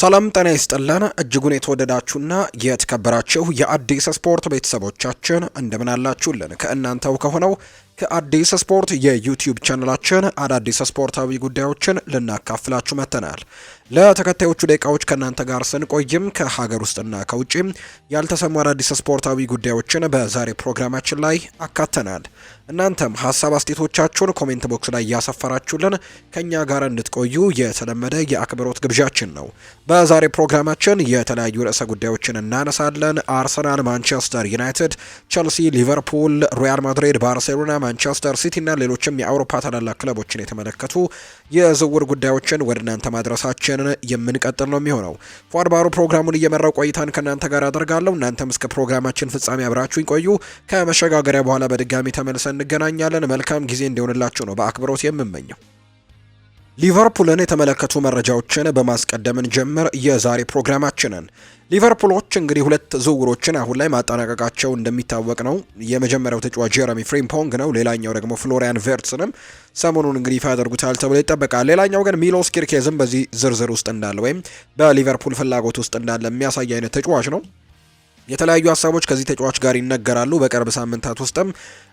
ሰላም ጤና ይስጥልን እጅጉን የተወደዳችሁና የተከበራችሁ የአዲስ ስፖርት ቤተሰቦቻችን እንደምን አላችሁልን? ከእናንተው ከሆነው ከአዲስ ስፖርት የዩቲዩብ ቻነላችን አዳዲስ ስፖርታዊ ጉዳዮችን ልናካፍላችሁ መጥተናል። ለተከታዮቹ ደቂቃዎች ከእናንተ ጋር ስንቆይም ከሀገር ውስጥና ከውጭ ያልተሰሙ አዳዲስ ስፖርታዊ ጉዳዮችን በዛሬ ፕሮግራማችን ላይ አካተናል። እናንተም ሀሳብ አስቴቶቻችሁን ኮሜንት ቦክስ ላይ እያሰፈራችሁልን ከእኛ ጋር እንድትቆዩ የተለመደ የአክብሮት ግብዣችን ነው። በዛሬ ፕሮግራማችን የተለያዩ ርዕሰ ጉዳዮችን እናነሳለን። አርሰናል፣ ማንቸስተር ዩናይትድ፣ ቸልሲ፣ ሊቨርፑል፣ ሪያል ማድሪድ፣ ባርሴሎና ማንቸስተር ሲቲና ሌሎችም የአውሮፓ ታላላቅ ክለቦችን የተመለከቱ የዝውውር ጉዳዮችን ወደ እናንተ ማድረሳችን የምንቀጥል ነው የሚሆነው። ፏድ ፕሮግራሙን እየመራው ቆይታን ከእናንተ ጋር አደርጋለሁ። እናንተም እስከ ፕሮግራማችን ፍጻሜ አብራችሁኝ ቆዩ። ከመሸጋገሪያ በኋላ በድጋሚ ተመልሰን እንገናኛለን። መልካም ጊዜ እንዲሆንላችሁ ነው በአክብሮት የምመኘው። ሊቨርፑልን የተመለከቱ መረጃዎችን በማስቀደምን ጀምር የዛሬ ፕሮግራማችንን። ሊቨርፑሎች እንግዲህ ሁለት ዝውውሮችን አሁን ላይ ማጠናቀቃቸው እንደሚታወቅ ነው። የመጀመሪያው ተጫዋች ጀረሚ ፍሪምፖንግ ነው። ሌላኛው ደግሞ ፍሎሪያን ቨርትስንም ሰሞኑን እንግዲህ ይፋ ያደርጉታል ተብሎ ይጠበቃል። ሌላኛው ግን ሚሎስ ኪርኬዝም በዚህ ዝርዝር ውስጥ እንዳለ ወይም በሊቨርፑል ፍላጎት ውስጥ እንዳለ የሚያሳይ አይነት ተጫዋች ነው። የተለያዩ ሀሳቦች ከዚህ ተጫዋች ጋር ይነገራሉ። በቅርብ ሳምንታት ውስጥም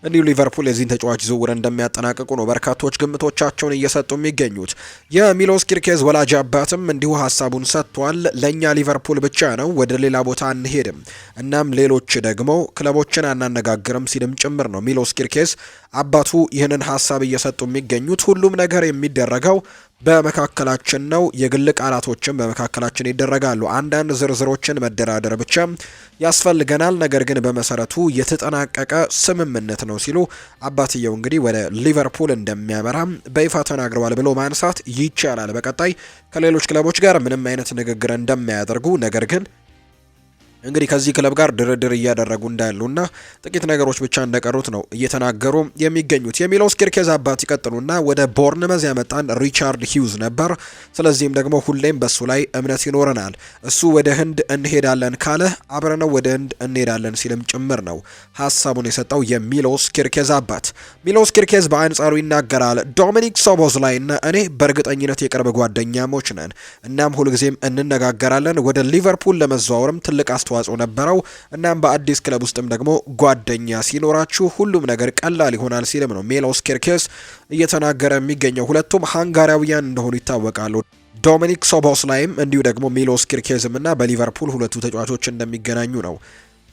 እንዲሁ ሊቨርፑል የዚህን ተጫዋች ዝውውር እንደሚያጠናቅቁ ነው በርካቶች ግምቶቻቸውን እየሰጡ የሚገኙት። የሚሎስ ኪርኬዝ ወላጅ አባትም እንዲሁ ሀሳቡን ሰጥቷል። ለእኛ ሊቨርፑል ብቻ ነው፣ ወደ ሌላ ቦታ አንሄድም፣ እናም ሌሎች ደግሞ ክለቦችን አናነጋግርም ሲልም ጭምር ነው ሚሎስ ኪርኬዝ አባቱ ይህንን ሀሳብ እየሰጡ የሚገኙት። ሁሉም ነገር የሚደረገው በመካከላችን ነው። የግል ቃላቶችን በመካከላችን ይደረጋሉ። አንዳንድ ዝርዝሮችን መደራደር ብቻ ያስፈልገናል። ነገር ግን በመሰረቱ የተጠናቀቀ ስምምነት ነው ነው ሲሉ አባትየው እንግዲህ ወደ ሊቨርፑል እንደሚያመራ በይፋ ተናግረዋል ብሎ ማንሳት ይቻላል። በቀጣይ ከሌሎች ክለቦች ጋር ምንም አይነት ንግግር እንደማያደርጉ ነገር ግን እንግዲህ ከዚህ ክለብ ጋር ድርድር እያደረጉ እንዳሉና ጥቂት ነገሮች ብቻ እንደቀሩት ነው እየተናገሩ የሚገኙት። የሚለው ኪርኬዝ አባት ይቀጥሉና ወደ ቦርንመዝ ያመጣን ሪቻርድ ሂውዝ ነበር። ስለዚህም ደግሞ ሁሌም በሱ ላይ እምነት ይኖረናል። እሱ ወደ ህንድ እንሄዳለን ካለ አብረነው ወደ ህንድ እንሄዳለን ሲልም ጭምር ነው ሀሳቡን የሰጠው የሚለው ኪርኬዝ አባት። ሚለው ኪርኬዝ በአንጻሩ ይናገራል። ዶሚኒክ ሶቦዝ ላይ እና እኔ በእርግጠኝነት የቅርብ ጓደኛሞች ነን። እናም ሁልጊዜም እንነጋገራለን። ወደ ሊቨርፑል ለመዘዋወርም ትልቅ አስተ አስተዋጽኦ ነበረው። እናም በአዲስ ክለብ ውስጥም ደግሞ ጓደኛ ሲኖራችሁ ሁሉም ነገር ቀላል ይሆናል ሲልም ነው ሜሎስ ኬርኬስ እየተናገረ የሚገኘው። ሁለቱም ሃንጋሪያውያን እንደሆኑ ይታወቃሉ። ዶሚኒክ ሶቦስ ላይም እንዲሁ ደግሞ ሚሎስ ኪርኬዝም እና በሊቨርፑል ሁለቱ ተጫዋቾች እንደሚገናኙ ነው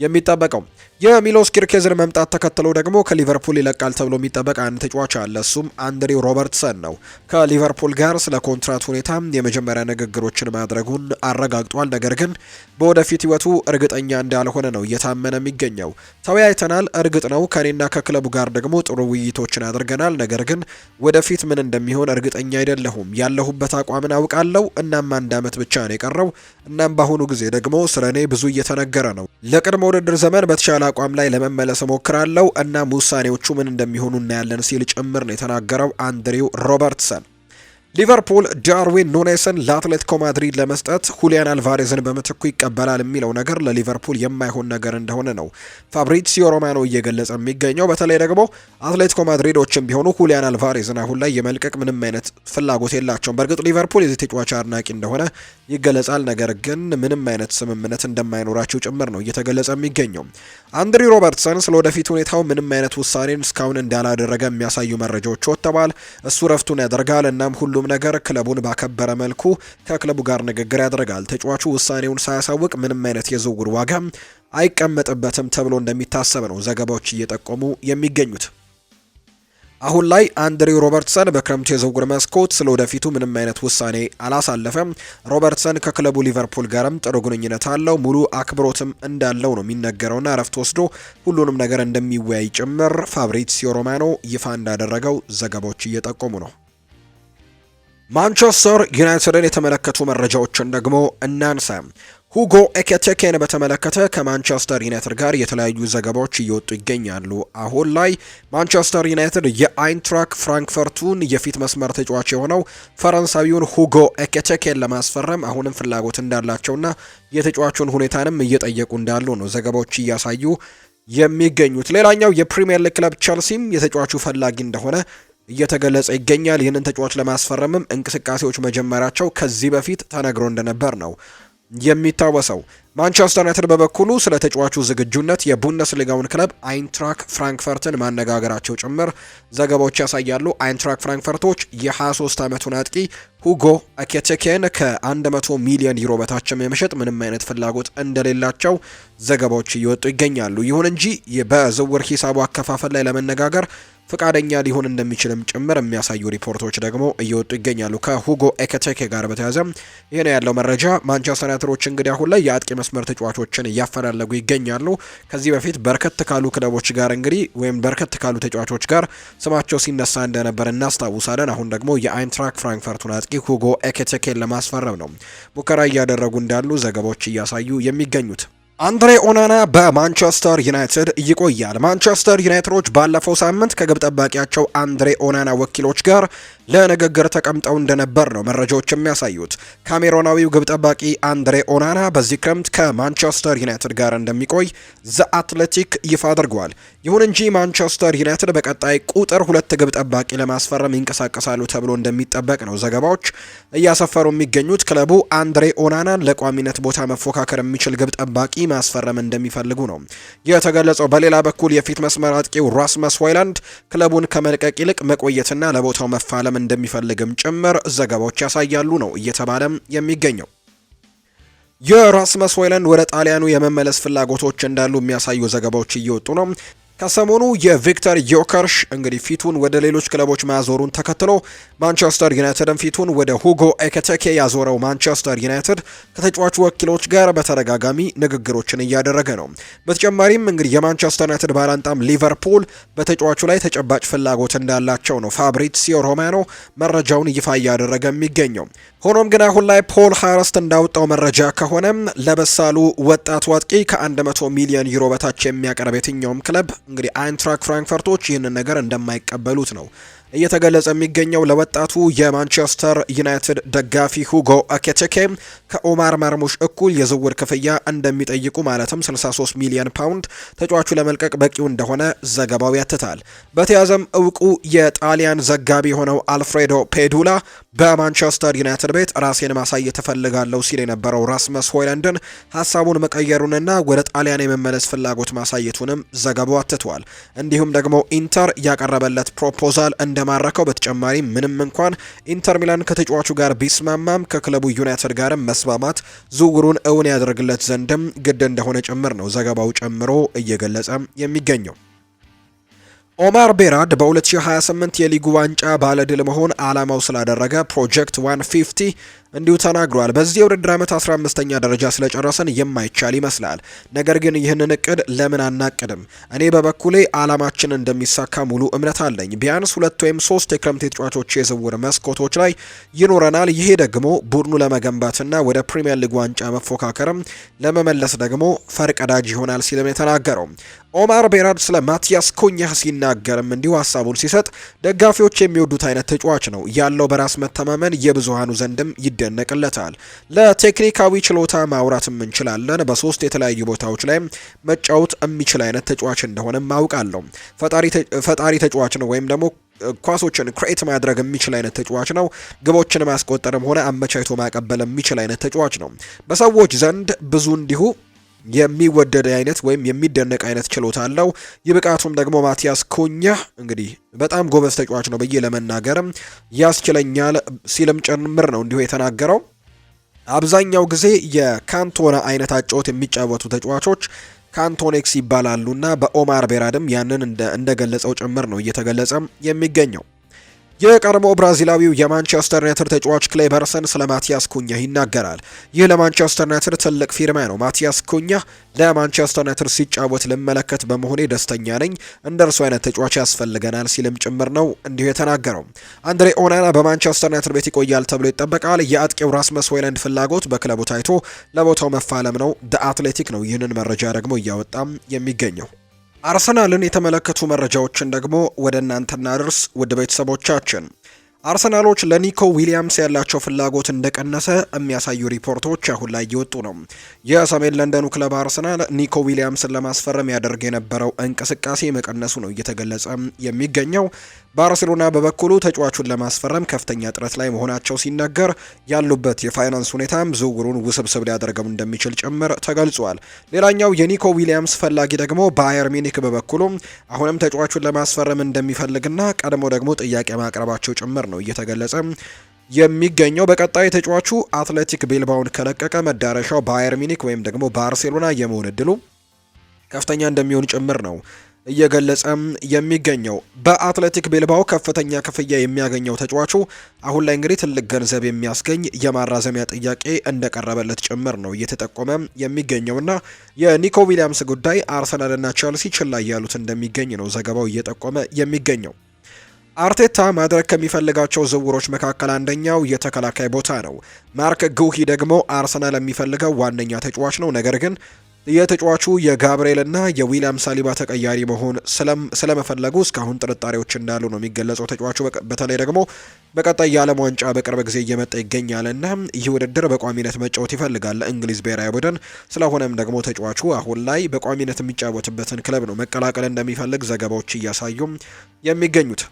የሚጠበቀው። የሚሎስ ኪርኬዝን መምጣት ተከትሎ ደግሞ ከሊቨርፑል ይለቃል ተብሎ የሚጠበቅ አንድ ተጫዋች አለ። እሱም አንድሪው ሮበርትሰን ነው። ከሊቨርፑል ጋር ስለ ኮንትራት ሁኔታ የመጀመሪያ ንግግሮችን ማድረጉን አረጋግጧል። ነገር ግን በወደፊት ህይወቱ እርግጠኛ እንዳልሆነ ነው እየታመነ የሚገኘው። ተወያይተናል፣ እርግጥ ነው ከኔና ከክለቡ ጋር ደግሞ ጥሩ ውይይቶችን አድርገናል። ነገር ግን ወደፊት ምን እንደሚሆን እርግጠኛ አይደለሁም። ያለሁበት አቋምን አውቃለሁ። እናም አንድ ዓመት ብቻ ነው የቀረው። እናም በአሁኑ ጊዜ ደግሞ ስለ እኔ ብዙ እየተነገረ ነው። ለቅድመ ውድድር ዘመን በተሻለ አቋም ላይ ለመመለስ ሞክራለው እናም ውሳኔዎቹ ምን እንደሚሆኑ እናያለን ሲል ጭምር ነው የተናገረው አንድሪው ሮበርትሰን። ሊቨርፑል ዳርዊን ኑኔስን ለአትሌቲኮ ማድሪድ ለመስጠት ሁሊያን አልቫሬዝን በምትኩ ይቀበላል የሚለው ነገር ለሊቨርፑል የማይሆን ነገር እንደሆነ ነው ፋብሪሲዮ ሮማኖ እየገለጸ የሚገኘው። በተለይ ደግሞ አትሌቲኮ ማድሪዶችም ቢሆኑ ሁሊያን አልቫሬዝን አሁን ላይ የመልቀቅ ምንም አይነት ፍላጎት የላቸውም። በእርግጥ ሊቨርፑል የዚህ ተጫዋች አድናቂ እንደሆነ ይገለጻል። ነገር ግን ምንም አይነት ስምምነት እንደማይኖራቸው ጭምር ነው እየተገለጸ የሚገኘው። አንድሪ ሮበርትሰን ስለ ወደፊት ሁኔታው ምንም አይነት ውሳኔን እስካሁን እንዳላደረገ የሚያሳዩ መረጃዎች ወጥተዋል። እሱ ረፍቱን ያደርጋል እናም ሁሉ ሁሉም ነገር ክለቡን ባከበረ መልኩ ከክለቡ ጋር ንግግር ያደርጋል። ተጫዋቹ ውሳኔውን ሳያሳውቅ ምንም አይነት የዝውውር ዋጋ አይቀመጥበትም ተብሎ እንደሚታሰብ ነው ዘገባዎች እየጠቆሙ የሚገኙት። አሁን ላይ አንድሪው ሮበርትሰን በክረምቱ የዝውውር መስኮት ስለ ወደፊቱ ምንም አይነት ውሳኔ አላሳለፈም። ሮበርትሰን ከክለቡ ሊቨርፑል ጋርም ጥሩ ግንኙነት አለው፣ ሙሉ አክብሮትም እንዳለው ነው የሚነገረውና እረፍት ወስዶ ሁሉንም ነገር እንደሚወያይ ጭምር ፋብሪዚዮ ሮማኖ ይፋ እንዳደረገው ዘገባዎች እየጠቆሙ ነው። ማንቸስተር ዩናይትድን የተመለከቱ መረጃዎችን ደግሞ እናንሳ። ሁጎ ኤኬቴኬን በተመለከተ ከማንቸስተር ዩናይትድ ጋር የተለያዩ ዘገባዎች እየወጡ ይገኛሉ። አሁን ላይ ማንቸስተር ዩናይትድ የአይንትራክ ፍራንክፈርቱን የፊት መስመር ተጫዋች የሆነው ፈረንሳዊውን ሁጎ ኤኬቴኬን ለማስፈረም አሁንም ፍላጎት እንዳላቸውና የተጫዋቹን ሁኔታንም እየጠየቁ እንዳሉ ነው ዘገባዎች እያሳዩ የሚገኙት። ሌላኛው የፕሪምየር ሊግ ክለብ ቸልሲም የተጫዋቹ ፈላጊ እንደሆነ እየተገለጸ ይገኛል። ይህንን ተጫዋች ለማስፈረምም እንቅስቃሴዎች መጀመራቸው ከዚህ በፊት ተነግሮ እንደነበር ነው የሚታወሰው። ማንቸስተር ዩናይትድ በበኩሉ ስለ ተጫዋቹ ዝግጁነት የቡንደስሊጋውን ክለብ አይንትራክ ፍራንክፈርትን ማነጋገራቸው ጭምር ዘገባዎች ያሳያሉ። አይንትራክ ፍራንክፈርቶች የ23 ዓመቱን አጥቂ ሁጎ አኬቴኬን ከ100 ሚሊዮን ዩሮ በታችም የመሸጥ ምንም አይነት ፍላጎት እንደሌላቸው ዘገባዎች እየወጡ ይገኛሉ። ይሁን እንጂ በዝውውር ሂሳቡ አከፋፈል ላይ ለመነጋገር ፈቃደኛ ሊሆን እንደሚችልም ጭምር የሚያሳዩ ሪፖርቶች ደግሞ እየወጡ ይገኛሉ። ከሁጎ ኤከቴኬ ጋር በተያያዘ ይህ ነው ያለው መረጃ። ማንቸስተር ዩናይትዶች እንግዲህ አሁን ላይ የአጥቂ መስመር ተጫዋቾችን እያፈላለጉ ይገኛሉ። ከዚህ በፊት በርከት ካሉ ክለቦች ጋር እንግዲህ ወይም በርከት ካሉ ተጫዋቾች ጋር ስማቸው ሲነሳ እንደነበር እናስታውሳለን። አሁን ደግሞ የአይንትራክ ፍራንክፈርቱን አጥቂ ሁጎ ኤከቴኬን ለማስፈረም ነው ሙከራ እያደረጉ እንዳሉ ዘገባዎች እያሳዩ የሚገኙት አንድሬ ኦናና በማንቸስተር ዩናይትድ ይቆያል። ማንቸስተር ዩናይትዶች ባለፈው ሳምንት ከግብ ጠባቂያቸው አንድሬ ኦናና ወኪሎች ጋር ለንግግር ተቀምጠው እንደነበር ነው መረጃዎች የሚያሳዩት። ካሜሮናዊው ግብ ጠባቂ አንድሬ ኦናና በዚህ ክረምት ከማንቸስተር ዩናይትድ ጋር እንደሚቆይ ዘ አትሌቲክ ይፋ አድርጓል። ይሁን እንጂ ማንቸስተር ዩናይትድ በቀጣይ ቁጥር ሁለት ግብ ጠባቂ ለማስፈረም ይንቀሳቀሳሉ ተብሎ እንደሚጠበቅ ነው ዘገባዎች እያሰፈሩ የሚገኙት። ክለቡ አንድሬ ኦናናን ለቋሚነት ቦታ መፎካከር የሚችል ግብ ጠባቂ ማስፈረም እንደሚፈልጉ ነው የተገለጸው። በሌላ በኩል የፊት መስመር አጥቂው ራስመስ ሆይላንድ ክለቡን ከመልቀቅ ይልቅ መቆየትና ለቦታው መፋለም እንደሚፈልግም ጭምር ዘገባዎች ያሳያሉ ነው እየተባለም የሚገኘው። የራስመስ ሆይላንድ ወደ ጣሊያኑ የመመለስ ፍላጎቶች እንዳሉ የሚያሳዩ ዘገባዎች እየወጡ ነው። ከሰሞኑ የቪክተር ዮከርሽ እንግዲህ ፊቱን ወደ ሌሎች ክለቦች ማዞሩን ተከትሎ ማንቸስተር ዩናይትድን ፊቱን ወደ ሁጎ ኤከቴኬ ያዞረው ማንቸስተር ዩናይትድ ከተጫዋቹ ወኪሎች ጋር በተደጋጋሚ ንግግሮችን እያደረገ ነው። በተጨማሪም እንግዲህ የማንቸስተር ዩናይትድ ባላንጣም ሊቨርፑል በተጫዋቹ ላይ ተጨባጭ ፍላጎት እንዳላቸው ነው ፋብሪሲዮ ሮማኖ መረጃውን ይፋ እያደረገ የሚገኘው። ሆኖም ግን አሁን ላይ ፖል ሃረስት እንዳወጣው መረጃ ከሆነም ለበሳሉ ወጣቱ አጥቂ ከ100 ሚሊዮን ዩሮ በታች የሚያቀርብ የትኛውም ክለብ እንግዲህ አይንትራክ ፍራንክፈርቶች ይህንን ነገር እንደማይቀበሉት ነው እየተገለጸ የሚገኘው ለወጣቱ የማንቸስተር ዩናይትድ ደጋፊ ሁጎ አኬቴኬ ከኦማር መርሙሽ እኩል የዝውውር ክፍያ እንደሚጠይቁ ማለትም 63 ሚሊዮን ፓውንድ ተጫዋቹ ለመልቀቅ በቂው እንደሆነ ዘገባው ያትታል። በተያዘም እውቁ የጣሊያን ዘጋቢ የሆነው አልፍሬዶ ፔዱላ በማንቸስተር ዩናይትድ ቤት ራሴን ማሳየት እፈልጋለሁ ሲል የነበረው ራስመስ ሆይለንድን ሀሳቡን መቀየሩንና ወደ ጣሊያን የመመለስ ፍላጎት ማሳየቱንም ዘገባው አትቷል። እንዲሁም ደግሞ ኢንተር ያቀረበለት ፕሮፖዛል እንደማረከው፣ በተጨማሪ ምንም እንኳን ኢንተር ሚላን ከተጫዋቹ ጋር ቢስማማም ከክለቡ ዩናይትድ ጋርም መስማማት ዝውውሩን እውን ያደርግለት ዘንድም ግድ እንደሆነ ጭምር ነው ዘገባው ጨምሮ እየገለጸ የሚገኘው። ኦማር ቤራድ በ2028 የሊጉ ዋንጫ ባለድል መሆን አላማው ስላደረገ ፕሮጀክት 150 እንዲሁ ተናግሯል። በዚህ የውድድር ዓመት 15ኛ ደረጃ ስለጨረሰን የማይቻል ይመስላል። ነገር ግን ይህንን እቅድ ለምን አናቅድም? እኔ በበኩሌ አላማችን እንደሚሳካ ሙሉ እምነት አለኝ። ቢያንስ ሁለት ወይም ሶስት የክረምት የተጫዋቾች የዝውውር መስኮቶች ላይ ይኖረናል። ይሄ ደግሞ ቡድኑ ለመገንባትና ወደ ፕሪምየር ሊግ ዋንጫ መፎካከርም ለመመለስ ደግሞ ፈርቀዳጅ ይሆናል ሲልም የተናገረው ኦማር ቤራድ ስለ ማቲያስ ኩኛህ ሲናገርም እንዲሁ ሀሳቡን ሲሰጥ ደጋፊዎች የሚወዱት አይነት ተጫዋች ነው ያለው በራስ መተማመን የብዙሃኑ ዘንድም ይደነቅለታል። ለቴክኒካዊ ችሎታ ማውራት እንችላለን። በሶስት የተለያዩ ቦታዎች ላይ መጫወት የሚችል አይነት ተጫዋች እንደሆነ ማውቃለሁ። ፈጣሪ ተጫዋች ነው ወይም ደግሞ ኳሶችን ክሬት ማድረግ የሚችል አይነት ተጫዋች ነው። ግቦችን ማስቆጠርም ሆነ አመቻችቶ ማቀበል የሚችል አይነት ተጫዋች ነው። በሰዎች ዘንድ ብዙ እንዲሁ የሚወደድ አይነት ወይም የሚደነቅ አይነት ችሎታ አለው። ይህ ብቃቱም ደግሞ ማቲያስ ኩኛ እንግዲህ በጣም ጎበዝ ተጫዋች ነው ብዬ ለመናገርም ያስችለኛል ሲልም ጭምር ነው እንዲሁ የተናገረው። አብዛኛው ጊዜ የካንቶና አይነት አጨዋወት የሚጫወቱ ተጫዋቾች ካንቶኔክስ ይባላሉና በኦማር ቤራድም ያንን እንደገለጸው ጭምር ነው እየተገለጸ የሚገኘው። የቀድሞ ብራዚላዊው የማንቸስተር ዩናይትድ ተጫዋች ክሌበርሰን ስለ ማቲያስ ኩኛ ይናገራል። ይህ ለማንቸስተር ዩናይትድ ትልቅ ፊርማ ነው። ማቲያስ ኩኛ ለማንቸስተር ዩናይትድ ሲጫወት ልመለከት በመሆኔ ደስተኛ ነኝ። እንደ እርሱ አይነት ተጫዋች ያስፈልገናል ሲልም ጭምር ነው እንዲሁ የተናገረው። አንድሬ ኦናና በማንቸስተር ዩናይትድ ቤት ይቆያል ተብሎ ይጠበቃል። የአጥቂው ራስመስ ሆይለንድ ፍላጎት በክለቡ ታይቶ ለቦታው መፋለም ነው። ደ አትሌቲክ ነው ይህንን መረጃ ደግሞ እያወጣም የሚገኘው። አርሰናልን የተመለከቱ መረጃዎችን ደግሞ ወደ እናንተ እናድርስ፣ ውድ ቤተሰቦቻችን። አርሰናሎች ለኒኮ ዊሊያምስ ያላቸው ፍላጎት እንደቀነሰ የሚያሳዩ ሪፖርቶች አሁን ላይ እየወጡ ነው። የሰሜን ለንደኑ ክለብ አርሰናል ኒኮ ዊሊያምስን ለማስፈረም ያደርግ የነበረው እንቅስቃሴ መቀነሱ ነው እየተገለጸ የሚገኘው። ባርሴሎና በበኩሉ ተጫዋቹን ለማስፈረም ከፍተኛ ጥረት ላይ መሆናቸው ሲነገር ያሉበት የፋይናንስ ሁኔታም ዝውውሩን ውስብስብ ሊያደርገው እንደሚችል ጭምር ተገልጿል። ሌላኛው የኒኮ ዊሊያምስ ፈላጊ ደግሞ ባየር ሚኒክ በበኩሉ አሁንም ተጫዋቹን ለማስፈረም እንደሚፈልግና ቀድሞ ደግሞ ጥያቄ ማቅረባቸው ጭምር ነው እየተገለጸ የሚገኘው በቀጣይ ተጫዋቹ አትሌቲክ ቤልባውን ከለቀቀ መዳረሻው ባየር ሚኒክ ወይም ደግሞ ባርሴሎና የመሆን እድሉ ከፍተኛ እንደሚሆን ጭምር ነው እየገለጸም የሚገኘው በአትሌቲክ ቤልባው ከፍተኛ ክፍያ የሚያገኘው ተጫዋቹ አሁን ላይ እንግዲህ ትልቅ ገንዘብ የሚያስገኝ የማራዘሚያ ጥያቄ እንደቀረበለት ጭምር ነው እየተጠቆመ የሚገኘውና የኒኮ ዊሊያምስ ጉዳይ አርሰናልና ቸልሲ ችላ ያሉት እንደሚገኝ ነው ዘገባው እየጠቆመ የሚገኘው። አርቴታ ማድረግ ከሚፈልጋቸው ዝውውሮች መካከል አንደኛው የተከላካይ ቦታ ነው። ማርክ ጉሂ ደግሞ አርሰናል የሚፈልገው ዋነኛ ተጫዋች ነው። ነገር ግን የተጫዋቹ የጋብርኤልና የዊሊያም ሳሊባ ተቀያሪ መሆን ስለመፈለጉ እስካሁን ጥርጣሬዎች እንዳሉ ነው የሚገለጸው። ተጫዋቹ በተለይ ደግሞ በቀጣይ የዓለም ዋንጫ በቅርብ ጊዜ እየመጣ ይገኛልና ይህ ውድድር በቋሚነት መጫወት ይፈልጋል እንግሊዝ ብሔራዊ ቡድን። ስለሆነም ደግሞ ተጫዋቹ አሁን ላይ በቋሚነት የሚጫወትበትን ክለብ ነው መቀላቀል እንደሚፈልግ ዘገባዎች እያሳዩ የሚገኙት።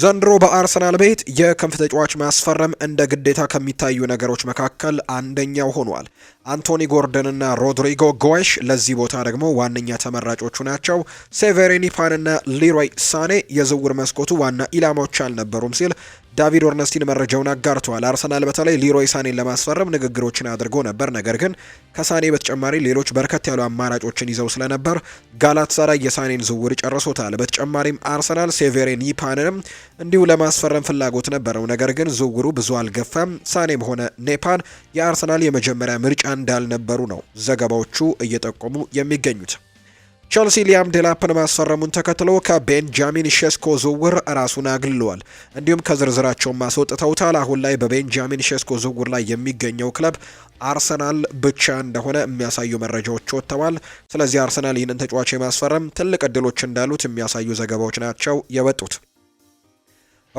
ዘንድሮ በአርሰናል ቤት የክንፍ ተጫዋች ማስፈረም እንደ ግዴታ ከሚታዩ ነገሮች መካከል አንደኛው ሆኗል። አንቶኒ ጎርደንና ሮድሪጎ ጎሽ ለዚህ ቦታ ደግሞ ዋነኛ ተመራጮቹ ናቸው። ሴቬሪኒ ፓንና ሊሮይ ሳኔ የዝውውር መስኮቱ ዋና ኢላማዎች አልነበሩም ሲል ዳቪድ ኦርነስቲን መረጃውን አጋርተዋል። አርሰናል በተለይ ሊሮይ ሳኔን ለማስፈረም ንግግሮችን አድርጎ ነበር። ነገር ግን ከሳኔ በተጨማሪ ሌሎች በርከት ያሉ አማራጮችን ይዘው ስለነበር ጋላታሳራይ የሳኔን ዝውውር ጨርሶታል። በተጨማሪም አርሰናል ሴቬሬን ፓንንም እንዲሁ ለማስፈረም ፍላጎት ነበረው። ነገር ግን ዝውውሩ ብዙ አልገፋም። ሳኔም ሆነ ኔፓን የአርሰናል የመጀመሪያ ምርጫ እንዳልነበሩ ነው ዘገባዎቹ እየጠቆሙ የሚገኙት። ቸልሲ ሊያም ዴላፕን ማስፈረሙን ተከትሎ ከቤንጃሚን ሼስኮ ዝውውር ራሱን አግልሏል። እንዲሁም ከዝርዝራቸውን ማስወጥተውታል። አሁን ላይ በቤንጃሚን ሼስኮ ዝውውር ላይ የሚገኘው ክለብ አርሰናል ብቻ እንደሆነ የሚያሳዩ መረጃዎች ወጥተዋል። ስለዚህ አርሰናል ይህንን ተጫዋች የማስፈረም ትልቅ እድሎች እንዳሉት የሚያሳዩ ዘገባዎች ናቸው የወጡት።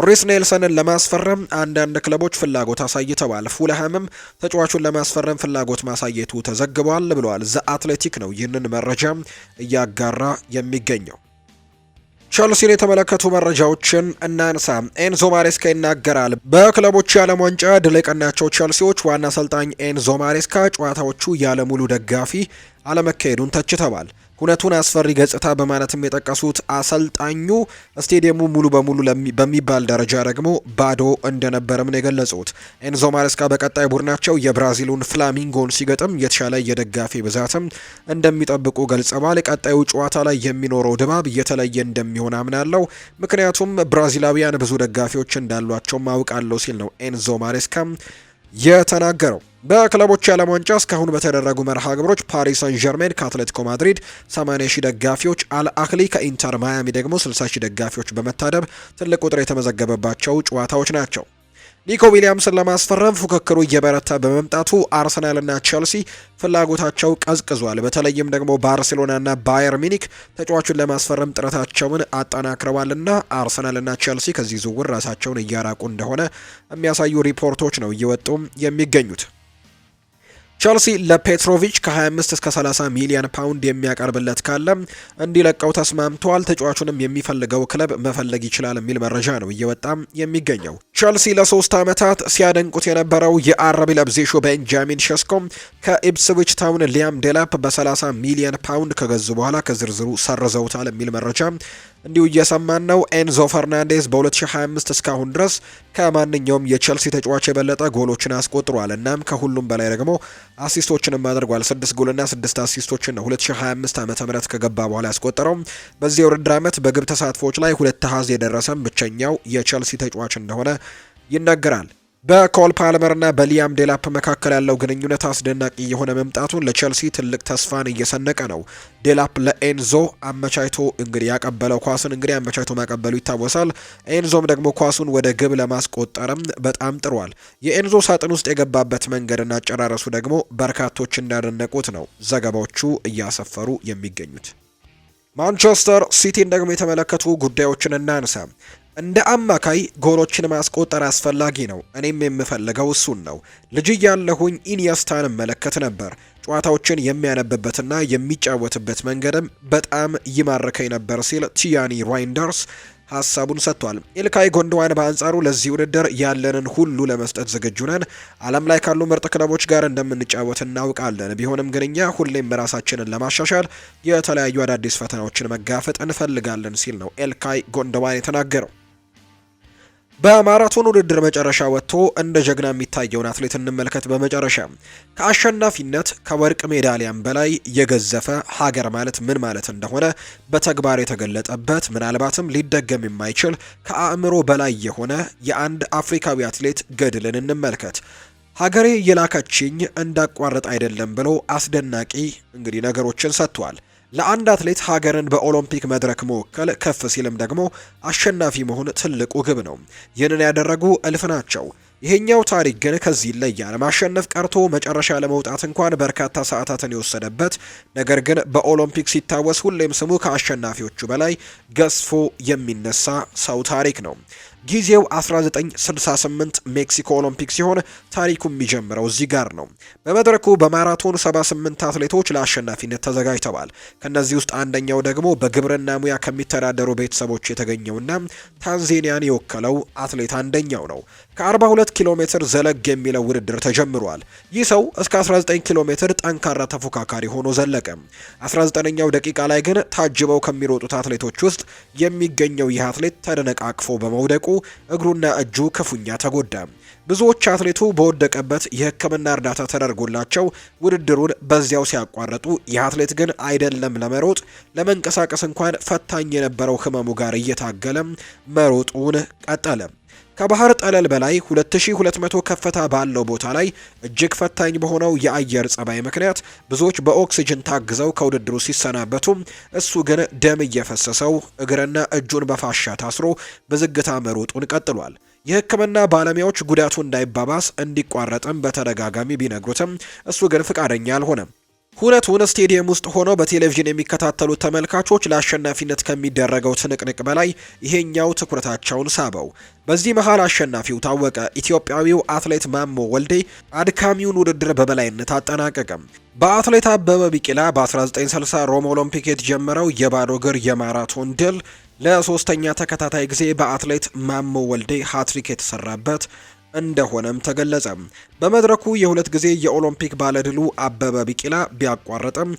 ሪስ ኔልሰንን ለማስፈረም አንዳንድ ክለቦች ፍላጎት አሳይተዋል። ፉልሃምም ተጫዋቹን ለማስፈረም ፍላጎት ማሳየቱ ተዘግቧል ብለዋል። ዘ አትሌቲክ ነው ይህንን መረጃ እያጋራ የሚገኘው። ቸልሲን የተመለከቱ መረጃዎችን እናንሳ። ኤንዞ ማሬስካ ይናገራል። በክለቦች የዓለም ዋንጫ ድል የቀናቸው ቸልሲዎች ዋና አሰልጣኝ ኤንዞ ማሬስካ ጨዋታዎቹ ያለሙሉ ደጋፊ አለመካሄዱን ተችተዋል። ሁነቱን አስፈሪ ገጽታ በማለትም የጠቀሱት አሰልጣኙ ስቴዲየሙ ሙሉ በሙሉ በሚባል ደረጃ ደግሞ ባዶ እንደነበረም ነው የገለጹት። ኤንዞ ማሬስካ በቀጣይ ቡድናቸው የብራዚሉን ፍላሚንጎን ሲገጥም የተሻለ የደጋፊ ብዛትም እንደሚጠብቁ ገልጸዋል። ቀጣዩ ጨዋታ ላይ የሚኖረው ድባብ የተለየ እንደሚሆን አምናለው ምክንያቱም ብራዚላዊያን ብዙ ደጋፊዎች እንዳሏቸው ማውቃለው ሲል ነው ኤንዞ ማሬስካ የተናገረው። በክለቦች የዓለም ዋንጫ እስካሁን በተደረጉ መርሃ ግብሮች ፓሪስ ሳን ዠርሜን ከአትሌቲኮ ማድሪድ 80 ሺህ ደጋፊዎች፣ አልአክሊ ከኢንተር ማያሚ ደግሞ 60 ሺህ ደጋፊዎች በመታደብ ትልቅ ቁጥር የተመዘገበባቸው ጨዋታዎች ናቸው። ኒኮ ዊሊያምስን ለማስፈረም ፉክክሩ እየበረታ በመምጣቱ አርሰናልና ቸልሲ ፍላጎታቸው ቀዝቅዟል። በተለይም ደግሞ ባርሴሎናና ባየር ሚኒክ ተጫዋቹን ለማስፈረም ጥረታቸውን አጠናክረዋልና አርሰናልና ቸልሲ ከዚህ ዝውውር ራሳቸውን እያራቁ እንደሆነ የሚያሳዩ ሪፖርቶች ነው እየወጡም የሚገኙት። ቸልሲ ለፔትሮቪች ከ25 እስከ 30 ሚሊዮን ፓውንድ የሚያቀርብለት ካለ እንዲለቀው ተስማምተዋል። ተጫዋቹንም የሚፈልገው ክለብ መፈለግ ይችላል የሚል መረጃ ነው እየወጣ የሚገኘው። ቸልሲ ለሶስት ዓመታት ሲያደንቁት የነበረው የአረቢ ለብዜሾ ቤንጃሚን ሸስኮ ከኢፕስዊች ታውን ሊያም ዴላፕ በ30 ሚሊዮን ፓውንድ ከገዙ በኋላ ከዝርዝሩ ሰርዘውታል የሚል መረጃ እንዲሁ እየሰማን ነው። ኤንዞ ፈርናንዴዝ በ2025 እስካሁን ድረስ ከማንኛውም የቸልሲ ተጫዋች የበለጠ ጎሎችን አስቆጥሯል። እናም ከሁሉም በላይ ደግሞ አሲስቶችንም አድርጓል። ስድስት ጎልና ስድስት አሲስቶችን ነው 2025 ዓ ም ከገባ በኋላ ያስቆጠረው። በዚህ የውድድር ዓመት በግብ ተሳትፎች ላይ ሁለት አሃዝ የደረሰም ብቸኛው የቸልሲ ተጫዋች እንደሆነ ይነገራል። በኮል ፓልመርና በሊያም ዴላፕ መካከል ያለው ግንኙነት አስደናቂ የሆነ መምጣቱን ለቸልሲ ትልቅ ተስፋን እየሰነቀ ነው። ዴላፕ ለኤንዞ አመቻይቶ እንግዲህ ያቀበለው ኳስን እንግዲህ አመቻይቶ ማቀበሉ ይታወሳል። ኤንዞም ደግሞ ኳሱን ወደ ግብ ለማስቆጠርም በጣም ጥሯል። የኤንዞ ሳጥን ውስጥ የገባበት መንገድና አጨራረሱ ደግሞ በርካቶች እንዳደነቁት ነው ዘገባዎቹ እያሰፈሩ የሚገኙት። ማንቸስተር ሲቲን ደግሞ የተመለከቱ ጉዳዮችን እናንሳ። እንደ አማካይ ጎሎችን ማስቆጠር አስፈላጊ ነው። እኔም የምፈልገው እሱን ነው። ልጅ ያለሁኝ ኢኒየስታን መለከት ነበር። ጨዋታዎችን የሚያነብበትና የሚጫወትበት መንገድም በጣም ይማርከኝ ነበር ሲል ቲያኒ ራይንደርስ ሀሳቡን ሰጥቷል። ኢልካይ ጎንደዋን በአንጻሩ ለዚህ ውድድር ያለንን ሁሉ ለመስጠት ዝግጁ ነን። ዓለም ላይ ካሉ ምርጥ ክለቦች ጋር እንደምንጫወት እናውቃለን። ቢሆንም ግን እኛ ሁሌም ራሳችንን ለማሻሻል የተለያዩ አዳዲስ ፈተናዎችን መጋፈጥ እንፈልጋለን ሲል ነው ኤልካይ ጎንደዋን የተናገረው። በማራቶን ውድድር መጨረሻ ወጥቶ እንደ ጀግና የሚታየውን አትሌት እንመልከት። በመጨረሻ ከአሸናፊነት ከወርቅ ሜዳሊያም በላይ የገዘፈ ሀገር ማለት ምን ማለት እንደሆነ በተግባር የተገለጠበት ምናልባትም ሊደገም የማይችል ከአእምሮ በላይ የሆነ የአንድ አፍሪካዊ አትሌት ገድልን እንመልከት። ሀገሬ የላከችኝ እንዳቋረጥ አይደለም ብሎ አስደናቂ እንግዲህ ነገሮችን ሰጥቷል። ለአንድ አትሌት ሀገርን በኦሎምፒክ መድረክ መወከል ከፍ ሲልም ደግሞ አሸናፊ መሆን ትልቁ ግብ ነው። ይህንን ያደረጉ እልፍ ናቸው። ይሄኛው ታሪክ ግን ከዚህ ይለያል። ማሸነፍ ቀርቶ መጨረሻ ለመውጣት እንኳን በርካታ ሰዓታትን የወሰደበት፣ ነገር ግን በኦሎምፒክ ሲታወስ ሁሌም ስሙ ከአሸናፊዎቹ በላይ ገዝፎ የሚነሳ ሰው ታሪክ ነው። ጊዜው 1968 ሜክሲኮ ኦሎምፒክ ሲሆን ታሪኩ የሚጀምረው እዚህ ጋር ነው። በመድረኩ በማራቶን 78 አትሌቶች ለአሸናፊነት ተዘጋጅተዋል። ከነዚህ ውስጥ አንደኛው ደግሞ በግብርና ሙያ ከሚተዳደሩ ቤተሰቦች የተገኘውና ታንዛኒያን የወከለው አትሌት አንደኛው ነው። ከ42 ኪሎ ሜትር ዘለግ የሚለው ውድድር ተጀምሯል። ይህ ሰው እስከ 19 ኪሎ ሜትር ጠንካራ ተፎካካሪ ሆኖ ዘለቀ። 19ኛው ደቂቃ ላይ ግን ታጅበው ከሚሮጡት አትሌቶች ውስጥ የሚገኘው ይህ አትሌት ተደነቃቅፎ በመውደቁ እግሩና እጁ ክፉኛ ተጎዳ። ብዙዎች አትሌቱ በወደቀበት የሕክምና እርዳታ ተደርጎላቸው ውድድሩን በዚያው ሲያቋረጡ ይህ አትሌት ግን አይደለም ለመሮጥ ለመንቀሳቀስ እንኳን ፈታኝ የነበረው ህመሙ ጋር እየታገለም መሮጡን ቀጠለም። ከባህር ጠለል በላይ 2200 ከፍታ ባለው ቦታ ላይ እጅግ ፈታኝ በሆነው የአየር ጸባይ ምክንያት ብዙዎች በኦክስጅን ታግዘው ከውድድሩ ሲሰናበቱ፣ እሱ ግን ደም እየፈሰሰው እግርና እጁን በፋሻ ታስሮ በዝግታ መሮጡን ቀጥሏል። የሕክምና ባለሙያዎች ጉዳቱ እንዳይባባስ እንዲቋረጥም በተደጋጋሚ ቢነግሩትም እሱ ግን ፍቃደኛ አልሆነም። ሁለቱን ስቴዲየም ውስጥ ሆነው በቴሌቪዥን የሚከታተሉት ተመልካቾች ለአሸናፊነት ከሚደረገው ትንቅንቅ በላይ ይሄኛው ትኩረታቸውን ሳበው። በዚህ መሃል አሸናፊው ታወቀ። ኢትዮጵያዊው አትሌት ማሞ ወልዴ አድካሚውን ውድድር በበላይነት አጠናቀቀም። በአትሌት አበበ ቢቂላ በ1960 ሮም ኦሎምፒክ የተጀመረው የባዶ እግር የማራቶን ድል ለሶስተኛ ተከታታይ ጊዜ በአትሌት ማሞ ወልዴ ሃትሪክ የተሰራበት እንደሆነም ተገለጸ። በመድረኩ የሁለት ጊዜ የኦሎምፒክ ባለድሉ አበበ ቢቂላ ቢያቋረጥም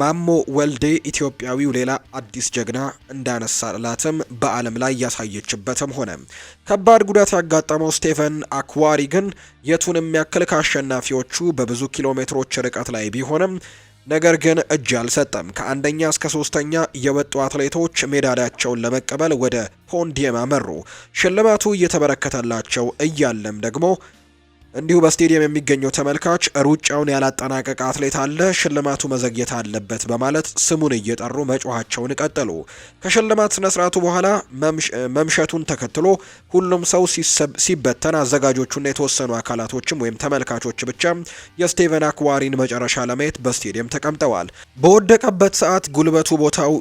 ማሞ ወልዴ ኢትዮጵያዊው ሌላ አዲስ ጀግና እንዳነሳላትም በዓለም ላይ ያሳየችበትም ሆነ። ከባድ ጉዳት ያጋጠመው ስቴፈን አክዋሪ ግን የቱንም ያክል ከአሸናፊዎቹ በብዙ ኪሎ ሜትሮች ርቀት ላይ ቢሆንም ነገር ግን እጅ አልሰጠም። ከአንደኛ እስከ ሶስተኛ የወጡ አትሌቶች ሜዳሊያቸውን ለመቀበል ወደ ሆንዲየም አመሩ። ሽልማቱ እየተበረከተላቸው እያለም ደግሞ እንዲሁ በስቴዲየም የሚገኘው ተመልካች ሩጫውን ያላጠናቀቀ አትሌት አለ፣ ሽልማቱ መዘግየት አለበት በማለት ስሙን እየጠሩ መጮኋቸውን ቀጠሉ። ከሽልማት ስነ ስርዓቱ በኋላ መምሸቱን ተከትሎ ሁሉም ሰው ሲበተን አዘጋጆቹና የተወሰኑ አካላቶችም ወይም ተመልካቾች ብቻ የስቴቨን አክዋሪን መጨረሻ ለማየት በስቴዲየም ተቀምጠዋል። በወደቀበት ሰዓት ጉልበቱ ቦታው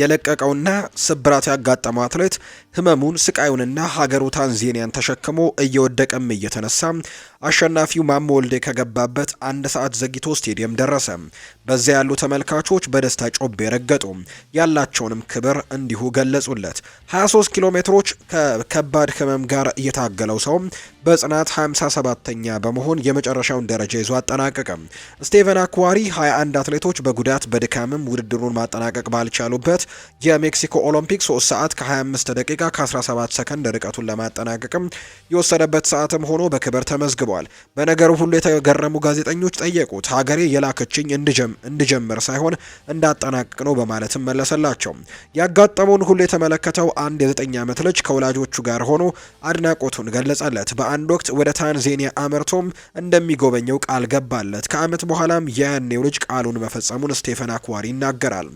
የለቀቀውና ስብራት ያጋጠመው አትሌት ህመሙን፣ ስቃዩንና ሀገሩ ታንዜኒያን ተሸክሞ እየወደቀም እየተነሳ um, አሸናፊው ማሞ ወልዴ ከገባበት አንድ ሰዓት ዘግይቶ ስቴዲየም ደረሰ። በዚያ ያሉ ተመልካቾች በደስታ ጮቤ ረገጡ፣ ያላቸውንም ክብር እንዲሁ ገለጹለት። 23 ኪሎ ሜትሮች ከከባድ ህመም ጋር እየታገለው ሰው በጽናት 57ተኛ በመሆን የመጨረሻውን ደረጃ ይዞ አጠናቀቀ። ስቴቨን አክዋሪ 21 አትሌቶች በጉዳት በድካምም ውድድሩን ማጠናቀቅ ባልቻሉበት የሜክሲኮ ኦሎምፒክ 3 ሰዓት ከ25 ደቂቃ ከ17 ሰከንድ ርቀቱን ለማጠናቀቅም የወሰደበት ሰዓትም ሆኖ በክብር ተመዝግቧል። ተናግረዋል። በነገሩ ሁሉ የተገረሙ ጋዜጠኞች ጠየቁት። ሀገሬ የላከችኝ እንድጀምር ሳይሆን እንዳጠናቅቅ ነው በማለትም መለሰላቸው። ያጋጠመውን ሁሉ የተመለከተው አንድ የዘጠኝ ዓመት ልጅ ከወላጆቹ ጋር ሆኖ አድናቆቱን ገለጸለት። በአንድ ወቅት ወደ ታንዜኒያ አመርቶም እንደሚጎበኘው ቃል ገባለት። ከዓመት በኋላም የያኔው ልጅ ቃሉን መፈጸሙን ስቴፈን አክዋሪ ይናገራል።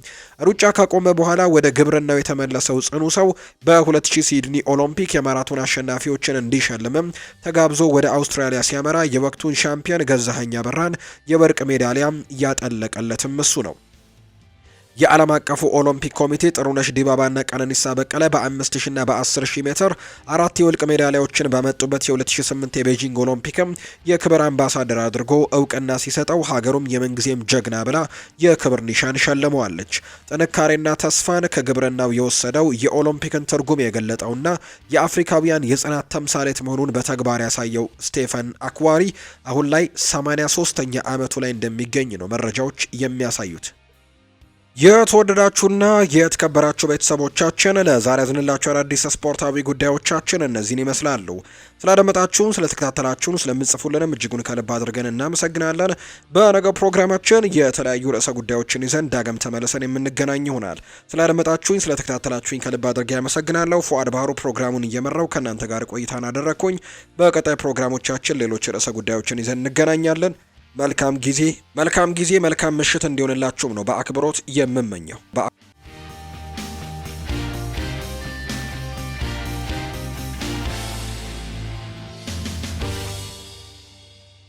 ሩጫ ካቆመ በኋላ ወደ ግብርናው የተመለሰው ጽኑ ሰው በ2000 ሲድኒ ኦሎምፒክ የማራቶን አሸናፊዎችን እንዲሸልምም ተጋብዞ ወደ አውስትራሊያ ሜዳሊያ ሲያመራ የወቅቱን ሻምፒዮን ገዛኸኝ አበራን የወርቅ ሜዳሊያም ያጠለቀለትም እሱ ነው። የዓለም አቀፉ ኦሎምፒክ ኮሚቴ ጥሩነሽ ዲባባና ቀነኒሳ በቀለ በ5000 እና በ10000 ሜትር አራት የወልቅ ሜዳሊያዎችን በመጡበት የ2008 የቤጂንግ ኦሎምፒክም የክብር አምባሳደር አድርጎ እውቅና ሲሰጠው ሀገሩም የምንጊዜም ጀግና ብላ የክብር ኒሻን ሸልመዋለች። ጥንካሬና ተስፋን ከግብርናው የወሰደው የኦሎምፒክን ትርጉም የገለጠውና የአፍሪካውያን የጽናት ተምሳሌት መሆኑን በተግባር ያሳየው ስቴፈን አክዋሪ አሁን ላይ 83ኛ ዓመቱ ላይ እንደሚገኝ ነው መረጃዎች የሚያሳዩት። የተወደዳችሁና የተከበራችሁ ቤተሰቦቻችን ለዛሬ ያዝንላችሁ አዳዲስ ስፖርታዊ ጉዳዮቻችን እነዚህን ይመስላሉ። ስላደመጣችሁን፣ ስለተከታተላችሁን፣ ስለምጽፉልንም እጅጉን ከልብ አድርገን እናመሰግናለን። በነገው ፕሮግራማችን የተለያዩ ርዕሰ ጉዳዮችን ይዘን ዳግም ተመልሰን የምንገናኝ ይሆናል። ስላደመጣችሁኝ፣ ስለተከታተላችሁኝ ከልብ አድርገ ያመሰግናለሁ። ፉአድ ባህሩ ፕሮግራሙን እየመራው ከእናንተ ጋር ቆይታን አደረግኩኝ። በቀጣይ ፕሮግራሞቻችን ሌሎች ርዕሰ ጉዳዮችን ይዘን እንገናኛለን። መልካም ጊዜ መልካም ጊዜ መልካም ምሽት እንዲሆንላችሁም ነው በአክብሮት የምመኘው።